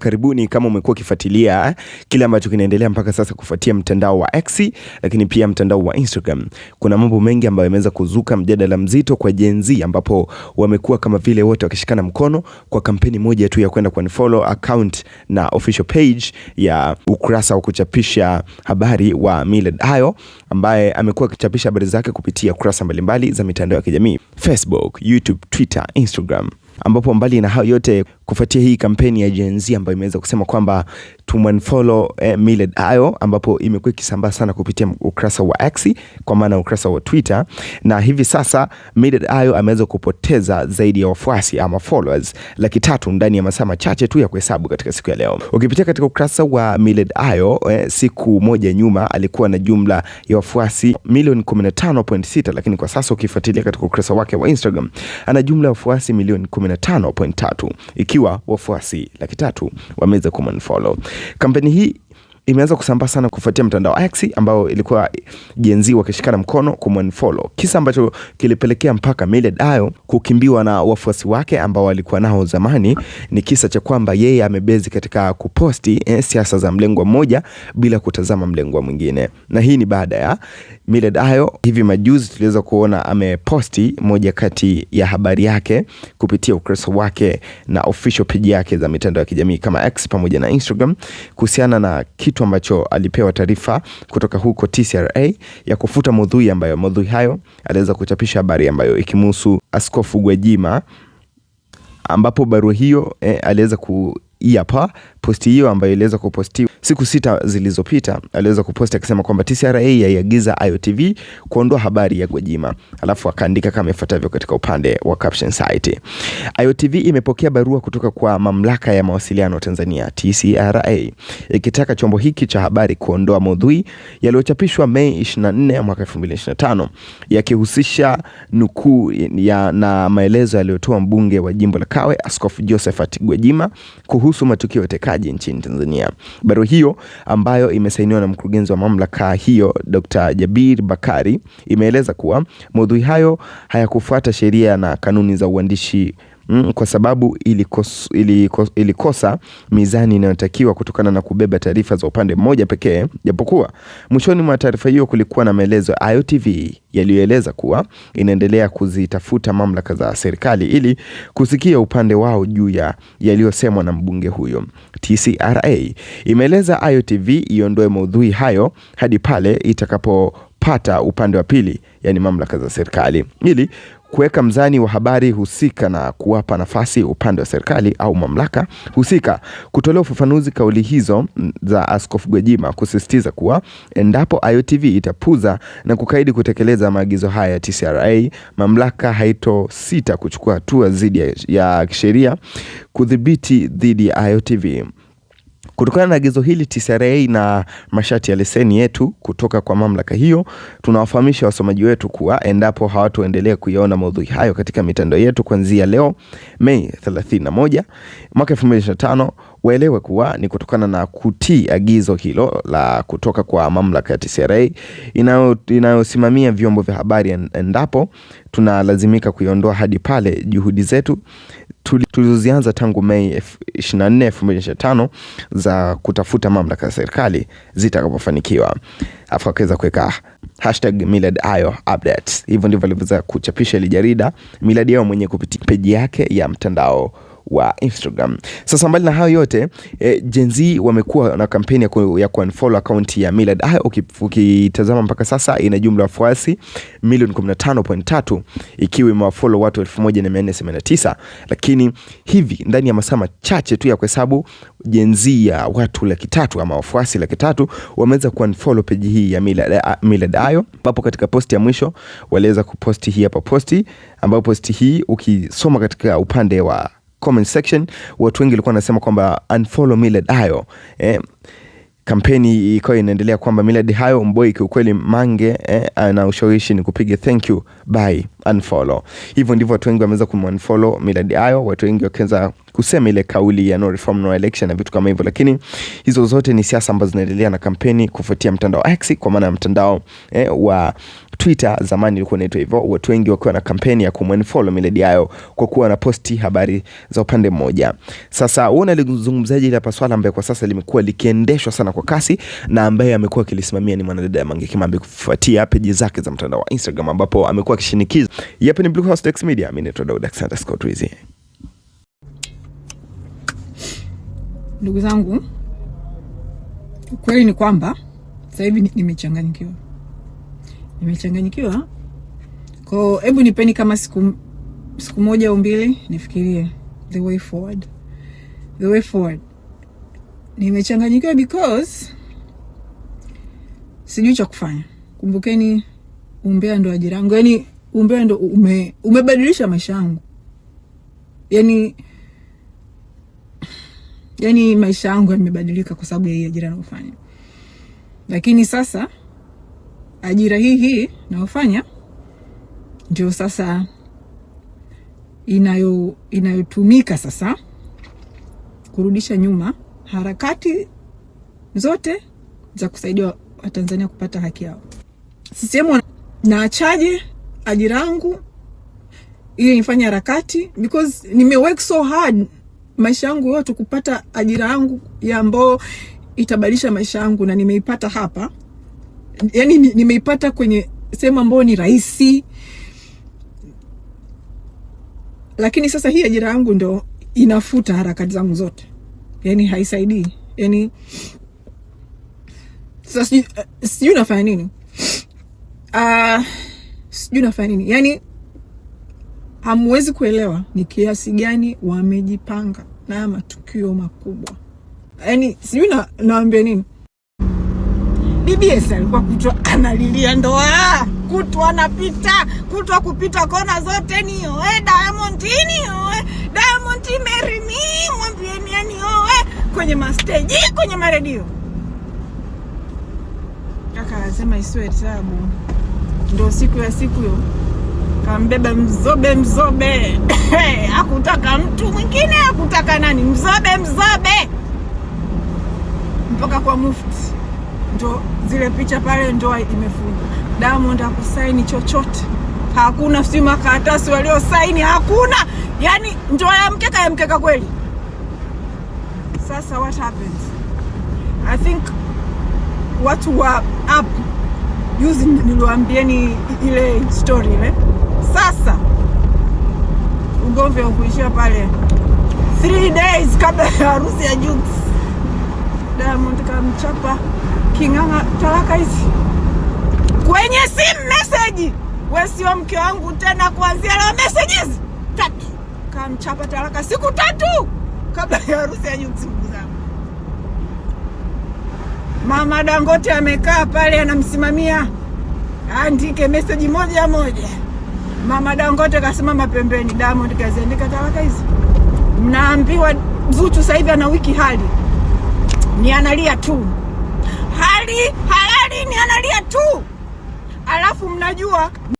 Karibuni kama umekuwa ukifuatilia eh, kile ambacho kinaendelea mpaka sasa kufuatia mtandao wa X lakini pia mtandao wa Instagram, kuna mambo mengi ambayo yameweza kuzuka mjadala mzito kwa Gen Z, ambapo wamekuwa kama vile wote wakishikana mkono kwa kampeni moja tu ya kwenda kufollow account na official page ya ukurasa wa kuchapisha habari wa Millard Ayo ambaye amekuwa akichapisha habari zake kupitia kurasa mbalimbali za mitandao ya kijamii Facebook, YouTube, Twitter, Instagram ambapo mbali na hayo yote kufuatia hii kampeni ya Gen Z ambayo imeweza kusema kwamba tumanfollow eh, Millard Ayo, ambapo imekuwa ikisambaa sana kupitia ukurasa wa X kwa maana ukurasa wa Twitter, na hivi sasa Millard Ayo ameweza kupoteza zaidi ya wafuasi ama followers laki tatu ndani ya masaa machache tu ya kuhesabu katika siku ya leo. Ukipitia katika ukurasa wa Millard Ayo eh, siku moja nyuma alikuwa na jumla ya wafuasi milioni 15.6, lakini kwa sasa ukifuatilia katika ukurasa wake wa Instagram ana jumla ya wafuasi milioni 15.3 ikiwa ikiwa wafuasi laki tatu wameweza kumanfollow. Kampeni hii imeanza kusambaa sana kufuatia mtandao X ambao ilikuwa Gen Z wakishikana mkono kumfollow, kisa ambacho kilipelekea mpaka Millard Ayo kukimbiwa na wafuasi wake ambao walikuwa nao zamani. Ni kisa cha kwamba yeye amebezi katika kuposti eh, siasa za mlengwa mmoja bila kutazama mlengwa mwingine, na hii ni baada ya Millard Ayo hivi majuzi tuliweza kuona ameposti moja kati ya habari yake kupitia ukurasa wake na official page yake za mitandao ya kijamii kama X pamoja na Instagram kuhusiana na kitu kitu ambacho alipewa taarifa kutoka huko TCRA ya kufuta maudhui ambayo maudhui hayo aliweza kuchapisha habari ambayo ikimhusu Askofu Gwajima ambapo barua hiyo eh, aliweza kuiapa posti hiyo ambayo iliweza kupostiwa siku sita zilizopita, aliweza kuposti akisema kwamba TCRA yaiagiza IOTV kuondoa habari ya Gwajima, alafu akaandika kama ifuatavyo katika upande wa caption site. IOTV imepokea barua kutoka kwa mamlaka ya mawasiliano Tanzania TCRA ikitaka chombo hiki cha habari kuondoa maudhui yaliyochapishwa Mei 24 mwaka 2025 yakihusisha nukuu ya na maelezo yaliyotoa mbunge wa jimbo la Kawe Askofu Josephat Gwajima kuhusu matukio ya uwajibikaji nchini Tanzania. Barua hiyo ambayo imesainiwa na mkurugenzi wa mamlaka hiyo Dr. Jabir Bakari imeeleza kuwa maudhui hayo hayakufuata sheria na kanuni za uandishi mm, kwa sababu ilikos, ilikos, ilikosa mizani inayotakiwa kutokana na kubeba taarifa za upande mmoja pekee, japokuwa mwishoni mwa taarifa hiyo kulikuwa na maelezo ya IOTV yaliyoeleza kuwa inaendelea kuzitafuta mamlaka za serikali ili kusikia upande wao juu ya yaliyosemwa na mbunge huyo. TCRA imeeleza IOTV iondoe maudhui hayo hadi pale itakapo kupata upande wa pili, yani mamlaka za serikali, ili kuweka mzani wa habari husika na kuwapa nafasi upande wa serikali au mamlaka husika kutolea ufafanuzi kauli hizo za Askofu Gwajima, kusisitiza kuwa endapo IOTV itapuza na kukaidi kutekeleza maagizo haya ya TCRA, mamlaka haito sita kuchukua hatua dhidi ya kisheria kudhibiti dhidi ya IOTV. Kutokana na agizo hili, TCRA na masharti ya leseni yetu kutoka kwa mamlaka hiyo, tunawafahamisha wasomaji wetu kuwa endapo hawatoendelea kuyaona maudhui hayo katika mitandao yetu kuanzia leo Mei 31 mwaka 2025 waelewe kuwa ni kutokana na kutii agizo hilo la kutoka kwa mamlaka ya TCRA inayosimamia inayo vyombo vya habari, endapo tunalazimika kuiondoa hadi pale juhudi zetu tulizozianza tangu Mei 24, 2025 za kutafuta mamlaka ya serikali zitakapofanikiwa. Afu akaweza kuweka hashtag Millard Ayo updates. Hivyo ndivyo alivyoweza kuchapisha ile jarida Millard Ayo mwenyewe kupitia peji yake ya mtandao wa Instagram. Sasa mbali na hayo yote eh, Gen Z wamekuwa na kampeni ya kuunfollow account ya Millard Ayo. Ukitazama mpaka sasa ina jumla wafuasi milioni 15.3 ikiwa imewafollow watu 1479 lakini hivi ndani ya masaa machache tu ya kuhesabu Gen Z ya watu laki tatu ama wafuasi laki tatu wameweza kuunfollow page hii ya Millard Ayo, ambapo katika posti ya mwisho waliweza kuposti hii hapa posti, ambayo posti hii ukisoma katika upande wa comment section, watu wengi walikuwa wanasema kwamba unfollow Millard Ayo eh. Kampeni ikawa inaendelea kwamba Millard Ayo mboi kiukweli, Mange eh, ana ushawishi ni kupiga thank you bye unfollow. Hivyo ndivyo watu wengi wameweza kumunfollow Millard Ayo, watu wengi wakaanza kusema ile kauli ya no reform no election na vitu kama hivyo, lakini hizo zote ni siasa ambazo zinaendelea na kampeni kufuatia mtandao X, kwa maana ya mtandao eh, wa Twitter, zamani ilikuwa inaitwa hivyo, watu wengi wakiwa na kampeni ya kumfollow Millard Ayo kwa kuwa na posti habari za upande mmoja. Sasa wewe unalizungumzaje ile hapa swala ambayo kwa sasa limekuwa likiendeshwa sana kwa kasi na ambaye amekuwa akilisimamia ni mwanadada ya Mange Kimambi kufuatia peji zake za mtandao wa Instagram ambapo amekuwa akishinikiza. Hapa ni Blue House Dax Media, mimi ni Daud Alexander Scott Twizy. Ndugu zangu, ukweli ni kwamba sasa hivi nimechanganyikiwa. Nimechanganyikiwa ko Hebu nipeni kama siku, siku moja au mbili nifikirie the way forward, the way forward. Nimechanganyikiwa because sijui cha kufanya. Kumbukeni umbea ndo ajira yangu, yaani umbea ndo ume, umebadilisha maisha yangu yani yani maisha yangu yamebadilika kwa sababu ya hii ajira nayofanya, lakini sasa ajira hii hii nayofanya ndio sasa inayo inayotumika sasa kurudisha nyuma harakati zote za kusaidia Watanzania kupata haki yao. CCM naachaje ajira yangu ili nifanye harakati because nime work so hard maisha yangu yote kupata ajira yangu ya ambayo itabadilisha maisha yangu na nimeipata hapa yani nimeipata kwenye sehemu ambayo ni rahisi, lakini sasa hii ajira yangu ndo inafuta harakati zangu zote, yani haisaidii. Yani sasa eh, sijui nafanya nini, uh, sijui nafanya nini yani hamwezi kuelewa ni kiasi gani wamejipanga na matukio makubwa, yani sijui na, naambia nini Bibi alikuwa kutwa analilia ndoa, kutwa anapita, kutwa kupita kona zote, nioe Diamond, nioe Diamond, marry me, mwambieni anioe kwenye masteji, kwenye maredio. anasema isiwe tabu, ndo siku ya siku hiyo kambeba mzobe, mzobe hakutaka mtu mwingine, hakutaka nani, mzobe, mzobe mpaka kwa mufti ndo zile picha pale, ndoa imefuja. Diamond hakusaini chochote, hakuna si makaratasi waliosaini hakuna, yani ndoa ya mkeka ya mkeka kweli. Sasa what happens? I think watu wa app juzi niliwaambieni ile story ile. Sasa ugomvi ukuishia pale 3 days kabla ya harusi ya Jux, Diamond kamchapa King'ang'a talaka hizi kwenye simu meseji, we sio mke wangu tena, kuanzia leo meseji hizi tatu kamchapa talaka siku tatu kabla ya harusi ya nyuki Mama Dangote amekaa pale anamsimamia andike meseji moja moja. Mama Dangote kasimama pembeni, Diamond kaziandika talaka hizi. Mnaambiwa Zuchu sasa hivi ana wiki hali ni analia tu halali halali, ni analia tu, alafu mnajua